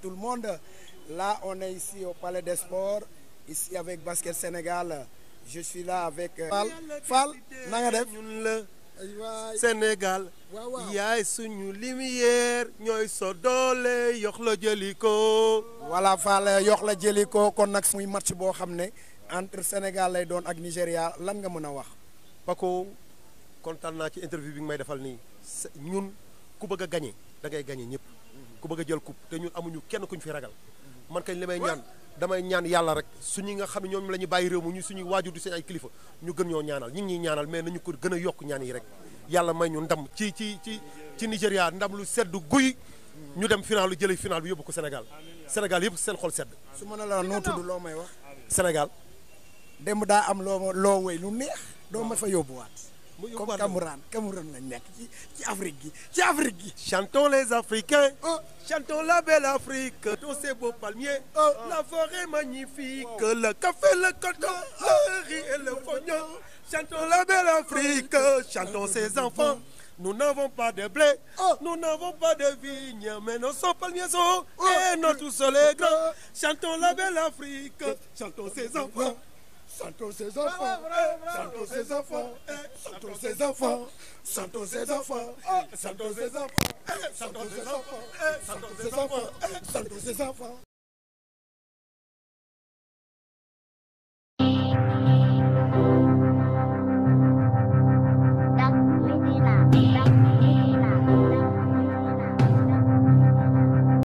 tout le monde. Là, on est ici au Palais des Sports, ici avec Basket Sénégal. Je suis là avec euh, Fall. Fall, Sénégal. yaay suñu lumière so doole yox la voilà Fall yox la jëli kon nak muy match bo xamné entre Sénégal lay don ak nigeria lan nga mëna wax. Paco kontaan ci interview bi nga may defal ni ñun ku bëgg gagner da ngay ku bëgg a jël coupe te ñun amuñu kenn kuñ fi ragal man kañ li may ñaan damay ñaan yàlla rek suñu nga xam ne ñoom la ñu bàyyi réew mu ñu suñuy waajur di seen ay kilifa ñu gën ñoo ñaanal ñun ñuy ñaanal mais nañu ko gën a yokk ñaan yi rek yàlla may ñu ndam ci ci ci ci Nigéria ndam lu sedd guy ñu dem final lu jëlee final bi yóbbu ko Sénégal Sénégal yëpp seen xol sedd. su ma ne la noo tudd loo may wax. Sénégal. dem daa am loo loo wéy lu neex. doo ma fa yóbbuwaat. comme Cameroun chantons les Africains. Oh. chantons la belle Afrique. tous ces beaux palmiers. Oh. Oh. la forêt magnifique. le café le coton le riz et le pognon. chantons la belle Afrique. chantons ses enfants. Nous n'avons pas de blé, nous n'avons pas de vigne, mais nos palmiers sont oh. et notre soleil grand. Chantons la belle Afrique, chantons ses enfants. Santo ses enfants, Santo ses enfants, Santo ses enfants, Santo ses enfants, Santo ses enfants, Santo ses enfants, Santo ses enfants, Santo ses enfants.